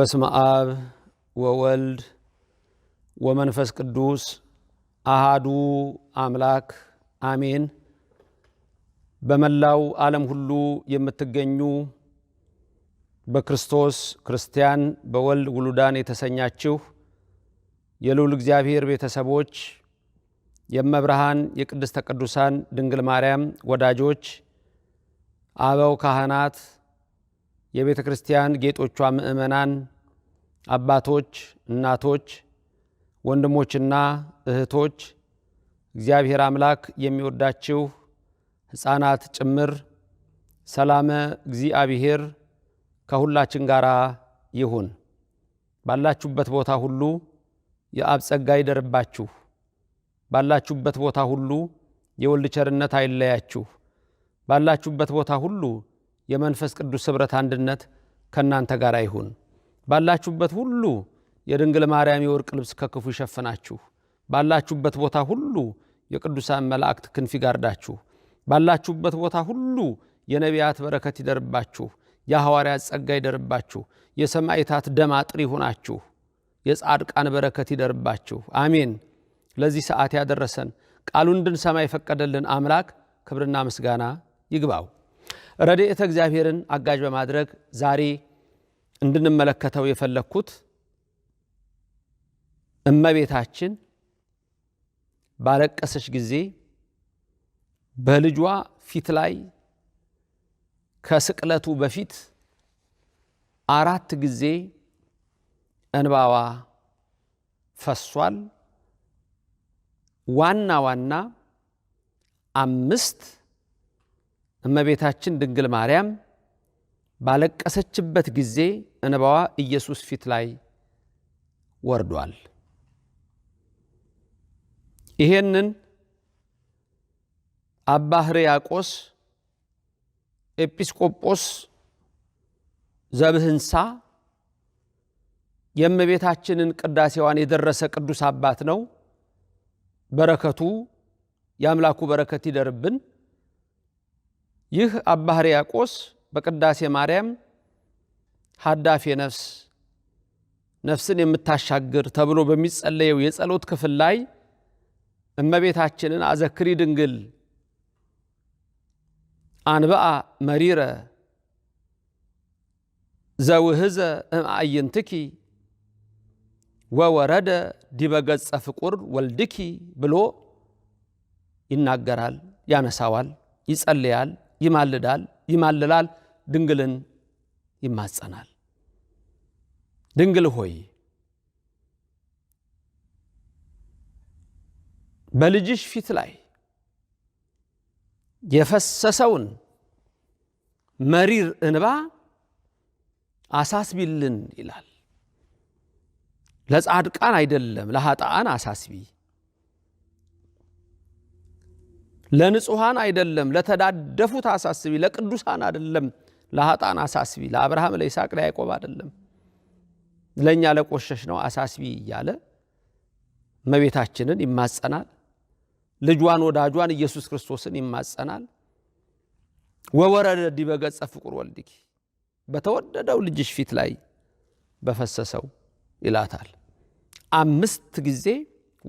በስመ አብ ወወልድ ወመንፈስ ቅዱስ አሃዱ አምላክ አሜን። በመላው ዓለም ሁሉ የምትገኙ በክርስቶስ ክርስቲያን በወልድ ውሉዳን የተሰኛችሁ የልዑል እግዚአብሔር ቤተሰቦች የመብርሃን የቅድስተ ቅዱሳን ድንግል ማርያም ወዳጆች አበው ካህናት የቤተ ክርስቲያን ጌጦቿ ምእመናን፣ አባቶች፣ እናቶች፣ ወንድሞችና እህቶች እግዚአብሔር አምላክ የሚወዳችው ሕፃናት ጭምር ሰላመ እግዚአብሔር ከሁላችን ጋር ይሁን። ባላችሁበት ቦታ ሁሉ የአብ ጸጋ ይደርባችሁ። ባላችሁበት ቦታ ሁሉ የወልድ ቸርነት አይለያችሁ። ባላችሁበት ቦታ ሁሉ የመንፈስ ቅዱስ ኅብረት አንድነት ከእናንተ ጋር ይሁን። ባላችሁበት ሁሉ የድንግል ማርያም የወርቅ ልብስ ከክፉ ይሸፍናችሁ። ባላችሁበት ቦታ ሁሉ የቅዱሳን መላእክት ክንፍ ይጋርዳችሁ። ባላችሁበት ቦታ ሁሉ የነቢያት በረከት ይደርባችሁ። የሐዋርያት ጸጋ ይደርባችሁ። የሰማዕታት ደም አጥር ይሁናችሁ። የጻድቃን በረከት ይደርባችሁ። አሜን። ለዚህ ሰዓት ያደረሰን ቃሉን እንድንሰማ የፈቀደልን አምላክ ክብርና ምስጋና ይግባው። ረድኤተ እግዚአብሔርን አጋዥ በማድረግ ዛሬ እንድንመለከተው የፈለግኩት እመቤታችን ባለቀሰች ጊዜ በልጇ ፊት ላይ ከስቅለቱ በፊት አራት ጊዜ እንባዋ ፈሷል። ዋና ዋና አምስት እመቤታችን ድንግል ማርያም ባለቀሰችበት ጊዜ እንባዋ ኢየሱስ ፊት ላይ ወርዷል። ይሄንን አባ ሕርያቆስ ኤጲስቆጶስ ዘብህንሳ የእመቤታችንን ቅዳሴዋን የደረሰ ቅዱስ አባት ነው። በረከቱ የአምላኩ በረከት ይደርብን። ይህ አባ ሕርያቆስ በቅዳሴ ማርያም ሀዳፌ ነፍስ ነፍስን የምታሻግር ተብሎ በሚጸለየው የጸሎት ክፍል ላይ እመቤታችንን አዘክሪ ድንግል አንብአ መሪረ ዘውህዘ እምአይንትኪ ወወረደ ዲበገጸ ፍቁር ወልድኪ ብሎ ይናገራል፣ ያነሳዋል፣ ይጸልያል። ይማልዳል ይማልላል ድንግልን ይማጸናል። ድንግል ሆይ በልጅሽ ፊት ላይ የፈሰሰውን መሪር እንባ አሳስቢልን ይላል። ለጻድቃን አይደለም ለሀጣን አሳስቢ ለንጹሐን አይደለም፣ ለተዳደፉት አሳስቢ፣ ለቅዱሳን አይደለም፣ ለሀጣን አሳስቢ፣ ለአብርሃም ለይስሐቅ ለያዕቆብ አይደለም፣ ለእኛ ለቆሸሽ ነው አሳስቢ እያለ እመቤታችንን ይማጸናል። ልጇን ወዳጇን ኢየሱስ ክርስቶስን ይማጸናል። ወወረደ ዲበ ገጸ ፍቁር ወልድኪ በተወደደው ልጅሽ ፊት ላይ በፈሰሰው ይላታል። አምስት ጊዜ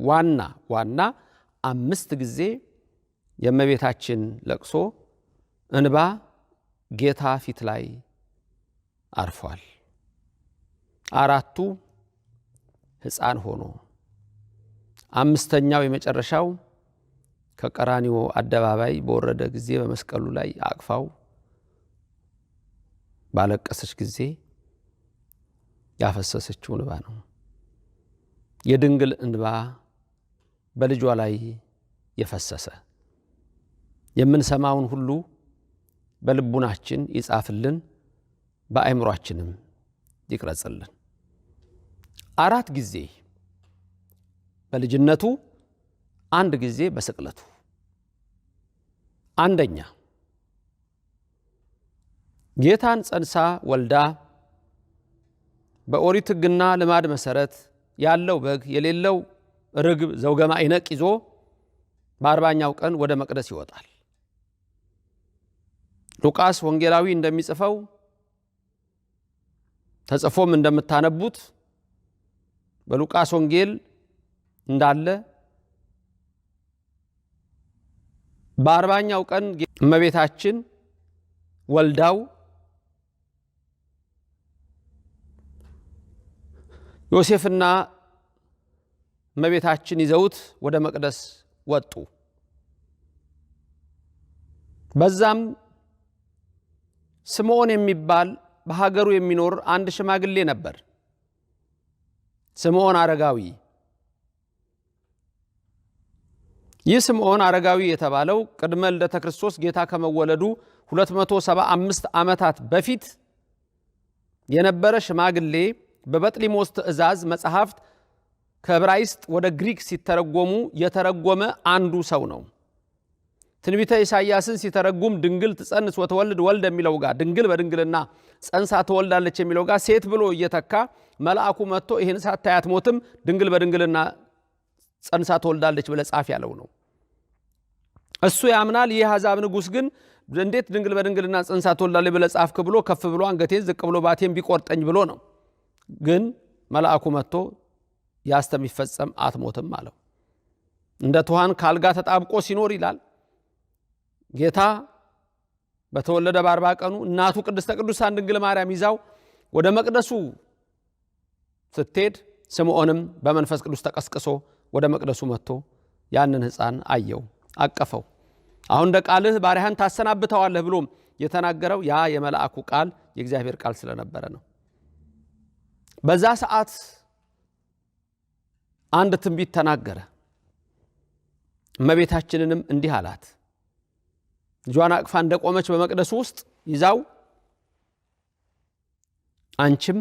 ዋና ዋና አምስት ጊዜ የእመቤታችን ለቅሶ እንባ ጌታ ፊት ላይ አርፏል። አራቱ ሕፃን ሆኖ አምስተኛው የመጨረሻው ከቀራኒዎ አደባባይ በወረደ ጊዜ በመስቀሉ ላይ አቅፋው ባለቀሰች ጊዜ ያፈሰሰችው እንባ ነው። የድንግል እንባ በልጇ ላይ የፈሰሰ የምንሰማውን ሁሉ በልቡናችን ይጻፍልን፣ በአይምሯችንም ይቅረጽልን። አራት ጊዜ በልጅነቱ አንድ ጊዜ በስቅለቱ። አንደኛ ጌታን ጸንሳ ወልዳ በኦሪት ሕግና ልማድ መሰረት ያለው በግ የሌለው ርግብ ዘውገማ አይነቅ ይዞ በአርባኛው ቀን ወደ መቅደስ ይወጣል። ሉቃስ ወንጌላዊ እንደሚጽፈው ተጽፎም እንደምታነቡት በሉቃስ ወንጌል እንዳለ በአርባኛው ቀን እመቤታችን ወልዳው ዮሴፍና እመቤታችን ይዘውት ወደ መቅደስ ወጡ። በዛም ስምዖን የሚባል በሀገሩ የሚኖር አንድ ሽማግሌ ነበር። ስምዖን አረጋዊ። ይህ ስምዖን አረጋዊ የተባለው ቅድመ ልደተ ክርስቶስ ጌታ ከመወለዱ 275 ዓመታት በፊት የነበረ ሽማግሌ በበጥሊሞስ ትእዛዝ መጽሐፍት ከዕብራይስጥ ወደ ግሪክ ሲተረጎሙ የተረጎመ አንዱ ሰው ነው። ትንቢተ ኢሳያስን ሲተረጉም ድንግል ትጸንስ ወተወልድ ወልድ የሚለው ጋር ድንግል በድንግልና ጸንሳ ትወልዳለች የሚለው ጋር ሴት ብሎ እየተካ መልአኩ መጥቶ ይህን ሳታያት አትሞትም ድንግል በድንግልና ጸንሳ ትወልዳለች ብለ ጻፍ ያለው ነው። እሱ ያምናል። ይህ አሕዛብ ንጉሥ ግን እንዴት ድንግል በድንግልና ጸንሳ ትወልዳለች ብለ ጻፍክ ብሎ ከፍ ብሎ አንገቴን ዝቅ ብሎ ባቴን ቢቆርጠኝ ብሎ ነው። ግን መልአኩ መጥቶ ያስተሚፈጸም አትሞትም አለው። እንደ ትኋን ካልጋ ተጣብቆ ሲኖር ይላል ጌታ በተወለደ በአርባ ቀኑ እናቱ ቅድስተ ቅዱሳን ድንግል ማርያም ይዛው ወደ መቅደሱ ስትሄድ ስምዖንም በመንፈስ ቅዱስ ተቀስቅሶ ወደ መቅደሱ መጥቶ ያንን ሕፃን አየው፣ አቀፈው። አሁን እንደ ቃልህ ባሪያህን ታሰናብተዋለህ ብሎም የተናገረው ያ የመልአኩ ቃል የእግዚአብሔር ቃል ስለነበረ ነው። በዛ ሰዓት አንድ ትንቢት ተናገረ። እመቤታችንንም እንዲህ አላት ልጇን አቅፋ እንደቆመች በመቅደሱ ውስጥ ይዛው አንቺም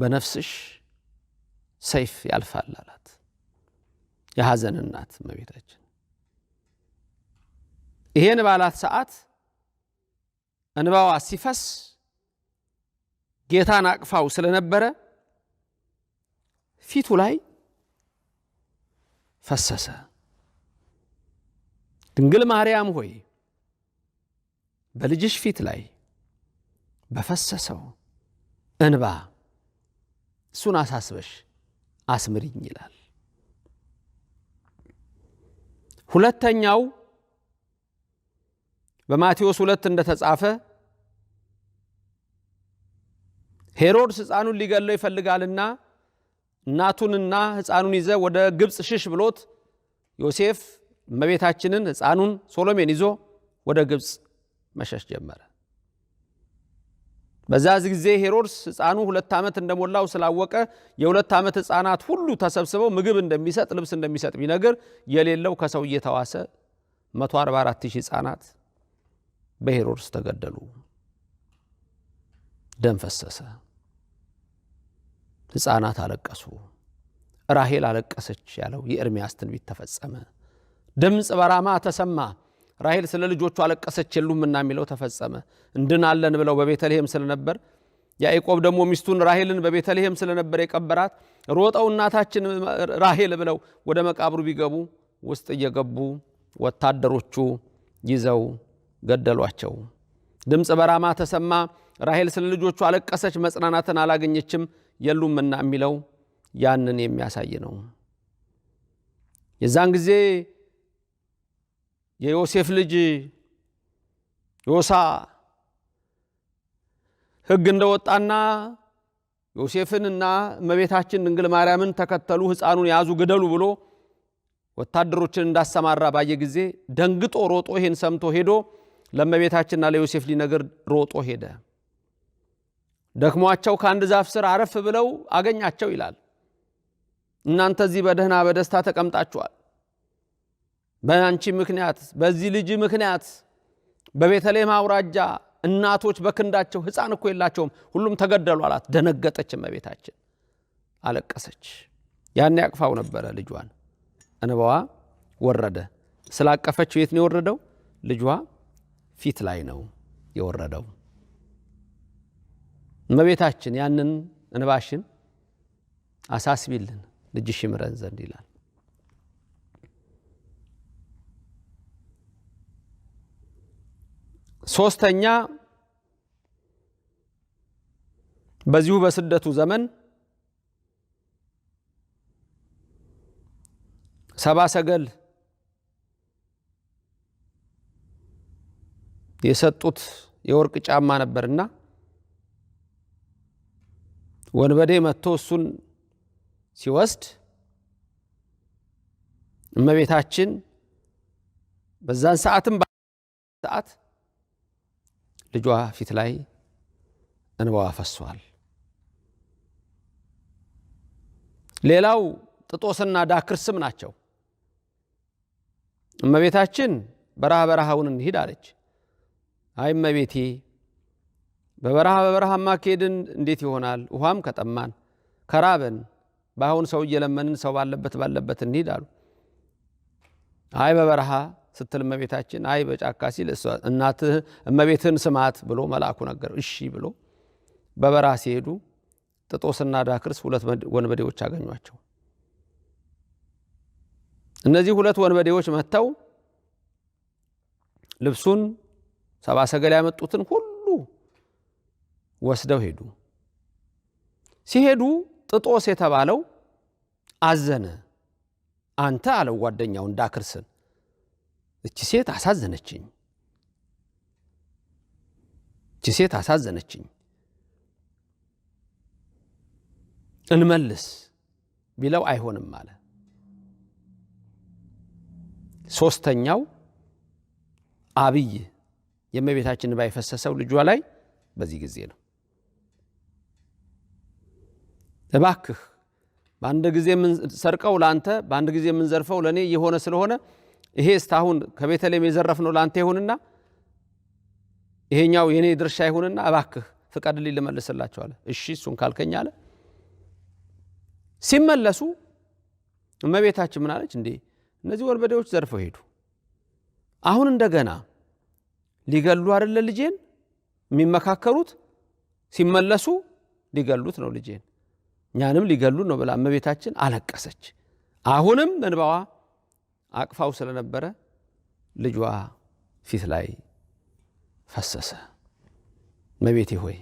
በነፍስሽ ሰይፍ ያልፋል አላት። የሐዘን እናት እመቤታችን ይሄን ባላት ሰዓት እንባዋ ሲፈስ ጌታን አቅፋው ስለነበረ ፊቱ ላይ ፈሰሰ። ድንግል ማርያም ሆይ በልጅሽ ፊት ላይ በፈሰሰው እንባ እሱን አሳስበሽ አስምሪኝ ይላል። ሁለተኛው በማቴዎስ ሁለት እንደተጻፈ ሄሮድስ ሕፃኑን ሊገለው ይፈልጋልና እናቱንና ሕፃኑን ይዘ ወደ ግብፅ ሽሽ ብሎት ዮሴፍ እመቤታችንን ሕፃኑን ሶሎሜን ይዞ ወደ ግብፅ መሸሽ ጀመረ። በዛዝ ጊዜ ሄሮድስ ሕፃኑ ሁለት ዓመት እንደሞላው ስላወቀ የሁለት ዓመት ሕፃናት ሁሉ ተሰብስበው ምግብ እንደሚሰጥ ልብስ እንደሚሰጥ ቢነገር የሌለው ከሰው እየተዋሰ 144 ሺህ ሕፃናት በሄሮድስ ተገደሉ። ደም ፈሰሰ። ሕፃናት አለቀሱ። ራሄል አለቀሰች ያለው የኤርምያስ ትንቢት ተፈጸመ። ድምፅ በራማ ተሰማ። ራሄል ስለ ልጆቹ አለቀሰች የሉምና የሚለው ተፈጸመ። እንድናለን ብለው በቤተልሔም ስለነበር ያዕቆብ ደግሞ ሚስቱን ራሄልን በቤተልሔም ስለነበር የቀበራት ሮጠው እናታችን ራሄል ብለው ወደ መቃብሩ ቢገቡ ውስጥ እየገቡ ወታደሮቹ ይዘው ገደሏቸው። ድምፅ በራማ ተሰማ። ራሄል ስለ ልጆቹ አለቀሰች፣ መጽናናትን አላገኘችም የሉምና የሚለው ያንን የሚያሳይ ነው። የዛን ጊዜ የዮሴፍ ልጅ ዮሳ ሕግ እንደወጣና ዮሴፍንና እመቤታችን ድንግል ማርያምን ተከተሉ፣ ሕፃኑን ያዙ፣ ግደሉ ብሎ ወታደሮችን እንዳሰማራ ባየ ጊዜ ደንግጦ ሮጦ ይሄን ሰምቶ ሄዶ ለእመቤታችንና ለዮሴፍ ሊነገር ሮጦ ሄደ። ደክሟቸው ከአንድ ዛፍ ስር አረፍ ብለው አገኛቸው ይላል። እናንተ እዚህ በደህና በደስታ ተቀምጣችኋል በአንቺ ምክንያት በዚህ ልጅ ምክንያት በቤተልሔም አውራጃ እናቶች በክንዳቸው ሕፃን እኮ የላቸውም ሁሉም ተገደሉ አላት። ደነገጠች እመቤታችን፣ አለቀሰች። ያን ያቅፋው ነበረ ልጇን፣ እንባዋ ወረደ። ስላቀፈችው የት ነው የወረደው? ልጇ ፊት ላይ ነው የወረደው። እመቤታችን ያንን እንባሽን አሳስቢልን ልጅሽ ይምረን ዘንድ ይላል። ሶስተኛ በዚሁ በስደቱ ዘመን ሰባ ሰገል የሰጡት የወርቅ ጫማ ነበርና ወንበዴ መጥቶ እሱን ሲወስድ እመቤታችን በዛን ሰዓትም ሰዓት ልጇ ፊት ላይ እንባዋ ፈሷል። ሌላው ጥጦስና ዳክርስም ናቸው። እመቤታችን በረሃ በረሃውን እንሂድ አለች። አይ እመቤቴ በበረሃ በበረሃማ ከሄድን እንዴት ይሆናል? ውሃም ከጠማን ከራበን በአሁን ሰው እየለመንን ሰው ባለበት ባለበት እንሂድ አሉ። አይ በበረሃ ስትል እመቤታችን አይ በጫካ ሲል እናትህ እመቤትህን ስማት ብሎ መልአኩ ነገረው። እሺ ብሎ በበራ ሲሄዱ ጥጦስና ዳክርስ ሁለት ወንበዴዎች አገኟቸው። እነዚህ ሁለት ወንበዴዎች መጥተው ልብሱን ሰባ ሰገል ያመጡትን ሁሉ ወስደው ሄዱ። ሲሄዱ ጥጦስ የተባለው አዘነ። አንተ አለው ጓደኛውን ዳክርስን እቺ ሴት አሳዘነችኝ፣ እቺ ሴት አሳዘነችኝ። እንመልስ ቢለው አይሆንም አለ። ሶስተኛው አብይ የእመቤታችን እንባ የፈሰሰው ልጇ ላይ በዚህ ጊዜ ነው። እባክህ በአንድ ጊዜ የምንሰርቀው ለአንተ፣ በአንድ ጊዜ የምንዘርፈው ለእኔ የሆነ ስለሆነ ይሄ እስታሁን ከቤተልሔም የዘረፍነው ለአንተ ይሁንና ይሄኛው የኔ ድርሻ ይሁንና እባክህ ፍቀድልኝ ልመልስላቸው አለ። እሺ እሱን ካልከኝ አለ። ሲመለሱ እመቤታችን ምን አለች? እንዴ እነዚህ ወንበዴዎች ዘርፈው ሄዱ። አሁን እንደገና ሊገሉ አደለ ልጄን የሚመካከሩት? ሲመለሱ ሊገሉት ነው ልጄን፣ እኛንም ሊገሉ ነው ብላ እመቤታችን አለቀሰች። አሁንም እንባዋ አቅፋው ስለነበረ ልጇ ፊት ላይ ፈሰሰ። መቤቴ ሆይ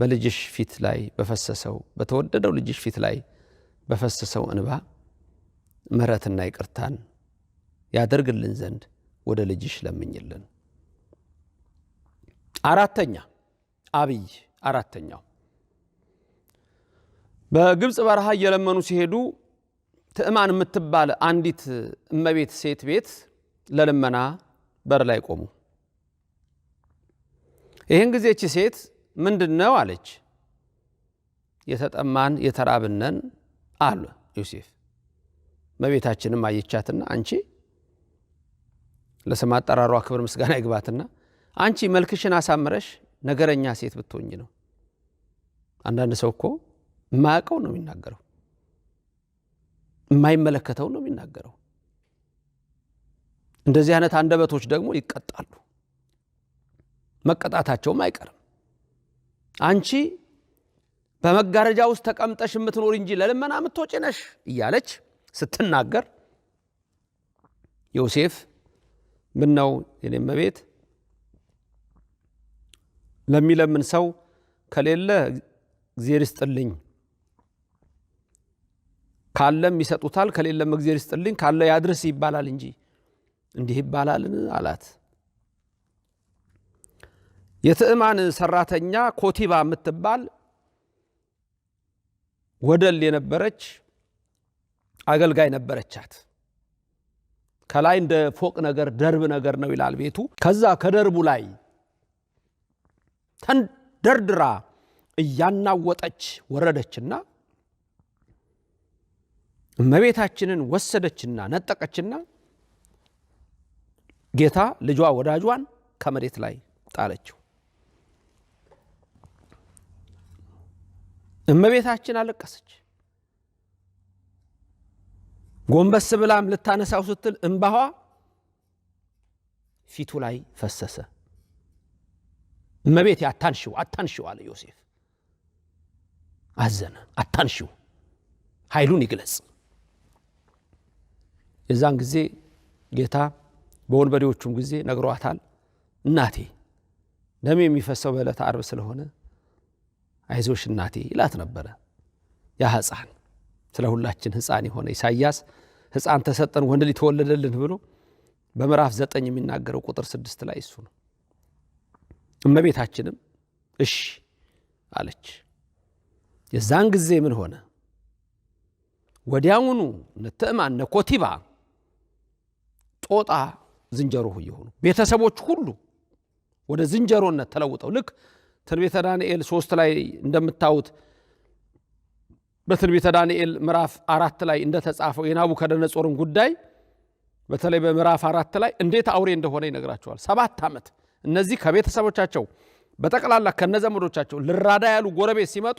በልጅሽ ፊት ላይ በፈሰሰው በተወደደው ልጅሽ ፊት ላይ በፈሰሰው እንባ ምሕረትና ይቅርታን ያደርግልን ዘንድ ወደ ልጅሽ ለምኝልን። አራተኛ አብይ አራተኛው በግብፅ በረሃ እየለመኑ ሲሄዱ ትዕማን የምትባል አንዲት እመቤት ሴት ቤት ለልመና በር ላይ ቆሙ። ይህን ጊዜ እቺ ሴት ምንድን ነው አለች። የተጠማን የተራብነን አለ ዮሴፍ። እመቤታችንም አየቻትና አንቺ ለስም አጠራሯ ክብር ምስጋና ይግባትና አንቺ መልክሽን አሳምረሽ ነገረኛ ሴት ብትሆኝ ነው። አንዳንድ ሰው እኮ የማያውቀው ነው የሚናገረው የማይመለከተው ነው የሚናገረው። እንደዚህ አይነት አንደበቶች ደግሞ ይቀጣሉ፣ መቀጣታቸውም አይቀርም። አንቺ በመጋረጃ ውስጥ ተቀምጠሽ የምትኖር እንጂ ለልመና የምትወጪ ነሽ እያለች ስትናገር ዮሴፍ ምን ነው የኔም ቤት ለሚለምን ሰው ከሌለ እግዜር ይስጥልኝ ካለም ይሰጡታል፣ ከሌለም እግዜር ይስጥልኝ ካለ ያድርስ ይባላል እንጂ እንዲህ ይባላልን አላት። የትዕማን ሰራተኛ ኮቲባ የምትባል ወደል የነበረች አገልጋይ ነበረቻት። ከላይ እንደ ፎቅ ነገር ደርብ ነገር ነው ይላል ቤቱ። ከዛ ከደርቡ ላይ ተንደርድራ እያናወጠች ወረደችና እመቤታችንን ወሰደችና ነጠቀችና ጌታ ልጇ ወዳጇን ከመሬት ላይ ጣለችው። እመቤታችን አለቀሰች። ጎንበስ ብላም ልታነሳው ስትል እምባዋ ፊቱ ላይ ፈሰሰ። እመቤቴ አታንሽው፣ አታንሽው አለ ዮሴፍ። አዘነ። አታንሽው፣ ኃይሉን ይግለጽ የዛን ጊዜ ጌታ በወንበዴዎቹም ጊዜ ነግሯታል። እናቴ ደም የሚፈሰው በዕለተ ዓርብ ስለሆነ አይዞሽ እናቴ ይላት ነበረ። ያ ሕፃን ስለ ሁላችን ሕፃን የሆነ ኢሳያስ ሕፃን ተሰጠን ወንድ ልጅ ተወለደልን ብሎ በምዕራፍ ዘጠኝ የሚናገረው ቁጥር ስድስት ላይ እሱ ነው። እመቤታችንም እሺ አለች። የዛን ጊዜ ምን ሆነ? ወዲያውኑ እነ ትዕማን እነ ኮቲባ ጦጣ ዝንጀሮ እየሆኑ ቤተሰቦች ሁሉ ወደ ዝንጀሮነት ተለውጠው ልክ ትንቢተ ዳንኤል ሶስት ላይ እንደምታዩት በትንቢተ ዳንኤል ምዕራፍ አራት ላይ እንደተጻፈው የናቡከደነጾርን ጉዳይ በተለይ በምዕራፍ አራት ላይ እንዴት አውሬ እንደሆነ ይነግራቸዋል። ሰባት ዓመት እነዚህ ከቤተሰቦቻቸው በጠቅላላ ዘመዶቻቸው ልራዳ ያሉ ጎረቤት ሲመጡ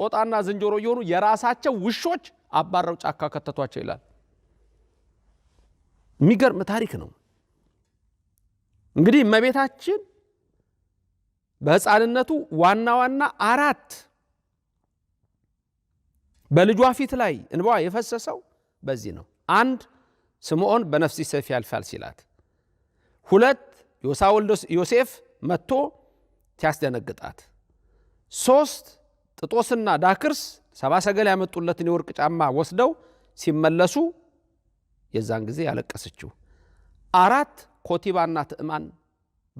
ጦጣና ዝንጀሮ እየሆኑ የራሳቸው ውሾች አባረው ጫካ ከተቷቸው ይላል። የሚገርም ታሪክ ነው። እንግዲህ እመቤታችን በሕፃንነቱ ዋና ዋና አራት በልጇ ፊት ላይ እንባዋ የፈሰሰው በዚህ ነው። አንድ ስምዖን በነፍሲ ሰይፍ ያልፋል ሲላት፣ ሁለት ዮሳ ወልደ ዮሴፍ መጥቶ ሲያስደነግጣት፣ ሶስት ጥጦስና ዳክርስ ሰባሰገል ሰገል ያመጡለትን የወርቅ ጫማ ወስደው ሲመለሱ የዛን ጊዜ ያለቀሰችው። አራት ኮቲባና ትዕማን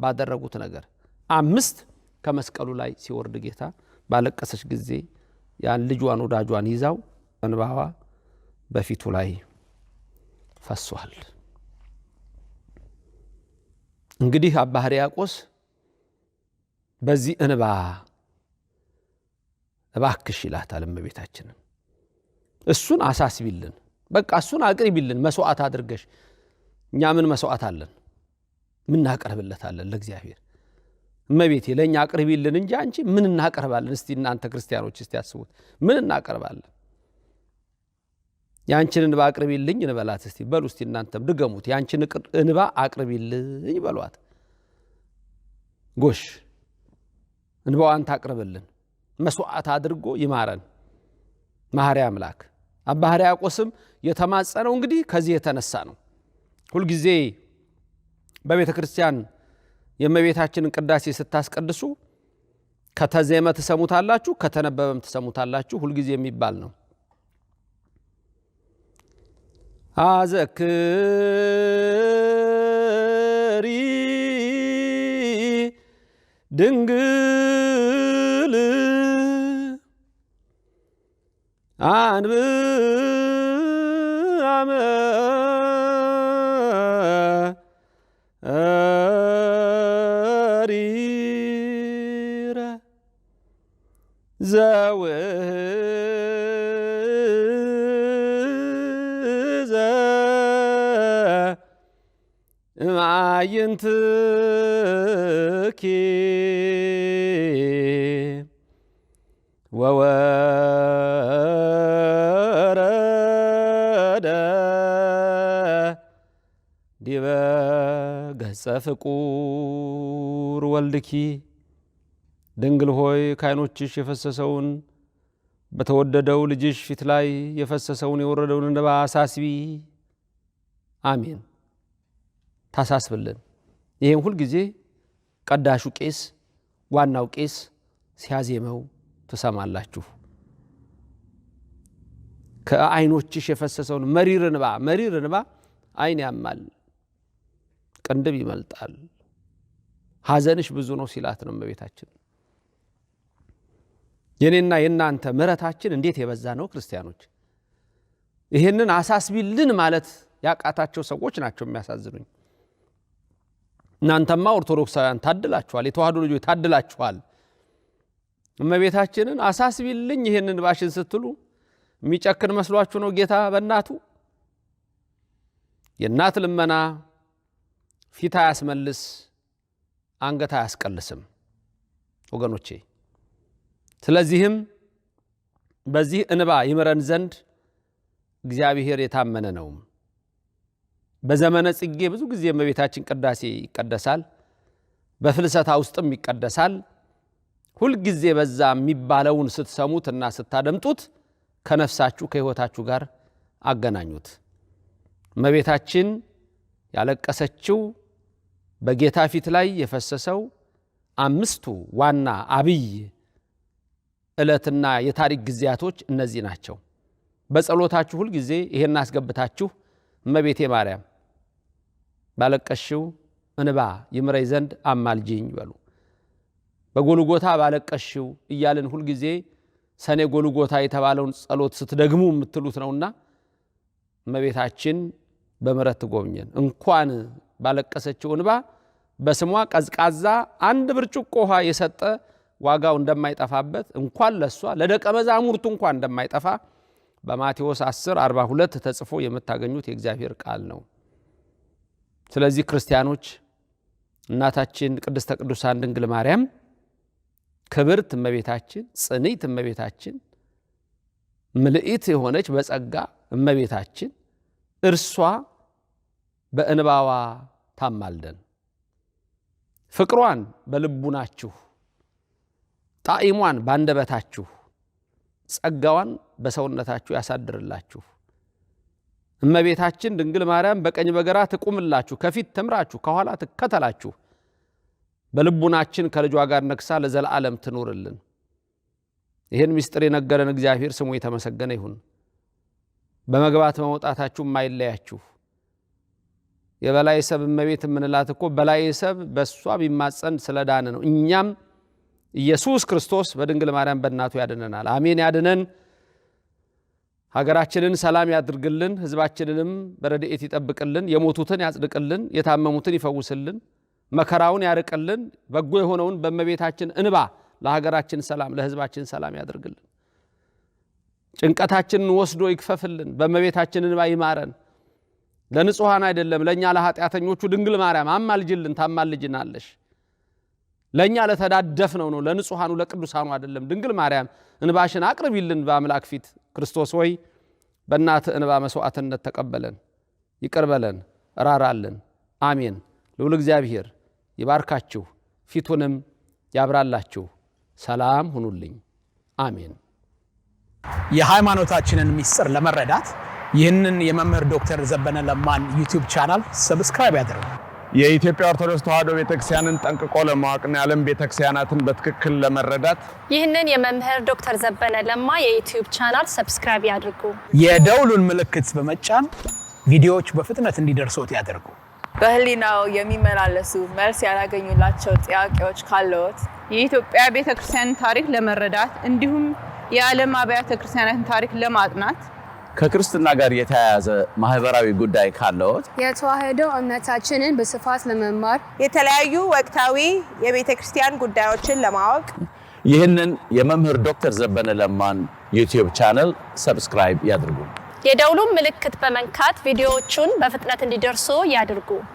ባደረጉት ነገር፣ አምስት ከመስቀሉ ላይ ሲወርድ ጌታ ባለቀሰች ጊዜ ያን ልጇን ወዳጇን ይዛው እንባዋ በፊቱ ላይ ፈሷል። እንግዲህ አባ ሕርያቆስ በዚህ እንባ እባክሽ ይላታል እመቤታችንን እሱን አሳስቢልን በቃ እሱን አቅርቢልን መስዋዕት አድርገሽ። እኛ ምን መስዋዕት አለን? ምናቀርብለታለን ለእግዚአብሔር? እመቤቴ ለእኛ አቅርቢልን እንጂ አንቺ ምን እናቀርባለን? እስቲ እናንተ ክርስቲያኖች እስቲ ያስቡት፣ ምን እናቀርባለን? የአንቺን እንባ አቅርቢልኝ እንበላት እስቲ። በሉ እስቲ እናንተም ድገሙት። የአንቺን እንባ አቅርቢልኝ በሏት። ጎሽ እንባዋን ታቅርብልን። መስዋዕት አድርጎ ይማረን መሐሪ አምላክ። አባ ሕርያቆስም የተማጸነው እንግዲህ ከዚህ የተነሳ ነው። ሁልጊዜ በቤተ ክርስቲያን የእመቤታችንን ቅዳሴ ስታስቀድሱ ከተዜመ ትሰሙታላችሁ፣ ከተነበበም ትሰሙታላችሁ። ሁልጊዜ የሚባል ነው። አዘክሪ ድንግል عن بعمى أريرة زاوزة معينتكي ووالي ገጸ ፍቁር ወልድኪ ድንግል ሆይ ከዓይኖችሽ የፈሰሰውን በተወደደው ልጅሽ ፊት ላይ የፈሰሰውን የወረደውን እንባ አሳስቢ። አሜን። ታሳስብልን። ይህም ሁልጊዜ ቀዳሹ ቄስ፣ ዋናው ቄስ ሲያዜመው ትሰማላችሁ። ከዓይኖችሽ የፈሰሰውን መሪር እንባ መሪር እንባ ዓይን ያማል ቅንድብ ይመልጣል፣ ሐዘንሽ ብዙ ነው ሲላት ነው እመቤታችን። የኔና የእናንተ ምሕረታችን እንዴት የበዛ ነው! ክርስቲያኖች ይህንን አሳስቢልን ማለት ያቃታቸው ሰዎች ናቸው የሚያሳዝኑኝ። እናንተማ ኦርቶዶክሳውያን ታድላችኋል፣ የተዋህዶ ልጆች ታድላችኋል። እመቤታችንን አሳስቢልኝ ይህንን ባሽን ስትሉ የሚጨክን መስሏችሁ ነው ጌታ በእናቱ የእናት ልመና ፊት አያስመልስ፣ አንገት አያስቀልስም ወገኖቼ። ስለዚህም በዚህ እንባ ይምረን ዘንድ እግዚአብሔር የታመነ ነው። በዘመነ ጽጌ ብዙ ጊዜ እመቤታችን ቅዳሴ ይቀደሳል፣ በፍልሰታ ውስጥም ይቀደሳል። ሁልጊዜ በዛ የሚባለውን ስትሰሙት እና ስታደምጡት ከነፍሳችሁ ከሕይወታችሁ ጋር አገናኙት። እመቤታችን ያለቀሰችው በጌታ ፊት ላይ የፈሰሰው አምስቱ ዋና አብይ ዕለትና የታሪክ ጊዜያቶች እነዚህ ናቸው። በጸሎታችሁ ሁል ጊዜ ይሄን አስገብታችሁ እመቤቴ ማርያም ባለቀሽው እንባ ይምረይ ዘንድ አማልጅኝ በሉ። በጎልጎታ ባለቀሽው እያልን ሁልጊዜ ሰኔ ጎልጎታ የተባለውን ጸሎት ስትደግሙ የምትሉት ነውና እመቤታችን በምረት ትጎብኘን። እንኳን ባለቀሰችው እንባ በስሟ ቀዝቃዛ አንድ ብርጭቆ ውሃ የሰጠ ዋጋው እንደማይጠፋበት እንኳን ለሷ ለደቀ መዛሙርቱ እንኳ እንደማይጠፋ በማቴዎስ 10 42 ተጽፎ የምታገኙት የእግዚአብሔር ቃል ነው። ስለዚህ ክርስቲያኖች እናታችን ቅድስተ ቅዱሳን ድንግል ማርያም ክብርት እመቤታችን፣ ጽንዕት እመቤታችን፣ ምልዕት የሆነች በጸጋ እመቤታችን እርሷ በእንባዋ ታማልደን። ፍቅሯን በልቡናችሁ ጣዕሟን ባንደበታችሁ ጸጋዋን በሰውነታችሁ ያሳድርላችሁ። እመቤታችን ድንግል ማርያም በቀኝ በግራ ትቁምላችሁ፣ ከፊት ትምራችሁ፣ ከኋላ ትከተላችሁ። በልቡናችን ከልጇ ጋር ነግሳ ለዘለዓለም ትኖርልን። ይህን ምስጢር የነገረን እግዚአብሔር ስሙ የተመሰገነ ይሁን። በመግባት በመውጣታችሁ ማይለያችሁ የበላይ ሰብ እመቤት የምንላት እኮ በላይ ሰብ በእሷ ቢማፀን ስለዳነ ነው። እኛም ኢየሱስ ክርስቶስ በድንግል ማርያም በእናቱ ያድነናል። አሜን። ያድነን፣ ሀገራችንን ሰላም ያድርግልን፣ ህዝባችንንም በረድኤት ይጠብቅልን፣ የሞቱትን ያጽድቅልን፣ የታመሙትን ይፈውስልን፣ መከራውን ያርቅልን። በጎ የሆነውን በእመቤታችን እንባ ለሀገራችን ሰላም ለህዝባችን ሰላም ያድርግልን። ጭንቀታችንን ወስዶ ይክፈፍልን። በእመቤታችን እንባ ይማረን። ለንጹሐን አይደለም ለእኛ ለኃጢአተኞቹ ድንግል ማርያም አማልጅልን ታማልጅናለሽ። ለእኛ ለተዳደፍ ነው ነው ለንጹሐኑ ለቅዱሳኑ አይደለም። ድንግል ማርያም እንባሽን አቅርቢልን በአምላክ ፊት። ክርስቶስ ሆይ በእናት እንባ መስዋዕትነት ተቀበለን፣ ይቅርበለን፣ ራራልን። አሜን። ልዑል እግዚአብሔር ይባርካችሁ፣ ፊቱንም ያብራላችሁ። ሰላም ሁኑልኝ። አሜን። የሃይማኖታችንን ምስጢር ለመረዳት ይህንን የመምህር ዶክተር ዘበነ ለማን ዩቲዩብ ቻናል ሰብስክራይብ ያደርጉ የኢትዮጵያ ኦርቶዶክስ ተዋሕዶ ቤተክርስቲያንን ጠንቅቆ ለማወቅና የዓለም ቤተክርስቲያናትን በትክክል ለመረዳት ይህንን የመምህር ዶክተር ዘበነ ለማ የዩቲዩብ ቻናል ሰብስክራይብ ያድርጉ። የደውሉን ምልክት በመጫን ቪዲዮዎች በፍጥነት እንዲደርሶት ያደርጉ። በህሊናው የሚመላለሱ መልስ ያላገኙላቸው ጥያቄዎች ካለዎት የኢትዮጵያ ቤተክርስቲያንን ታሪክ ለመረዳት እንዲሁም የዓለም አብያተ ክርስቲያናትን ታሪክ ለማጥናት ከክርስትና ጋር የተያያዘ ማህበራዊ ጉዳይ ካለዎት? የተዋህዶ እምነታችንን በስፋት ለመማር የተለያዩ ወቅታዊ የቤተ ክርስቲያን ጉዳዮችን ለማወቅ ይህንን የመምህር ዶክተር ዘበነ ለማን ዩቲዩብ ቻነል ሰብስክራይብ ያድርጉ። የደውሉን ምልክት በመንካት ቪዲዮዎቹን በፍጥነት እንዲደርሱ ያድርጉ።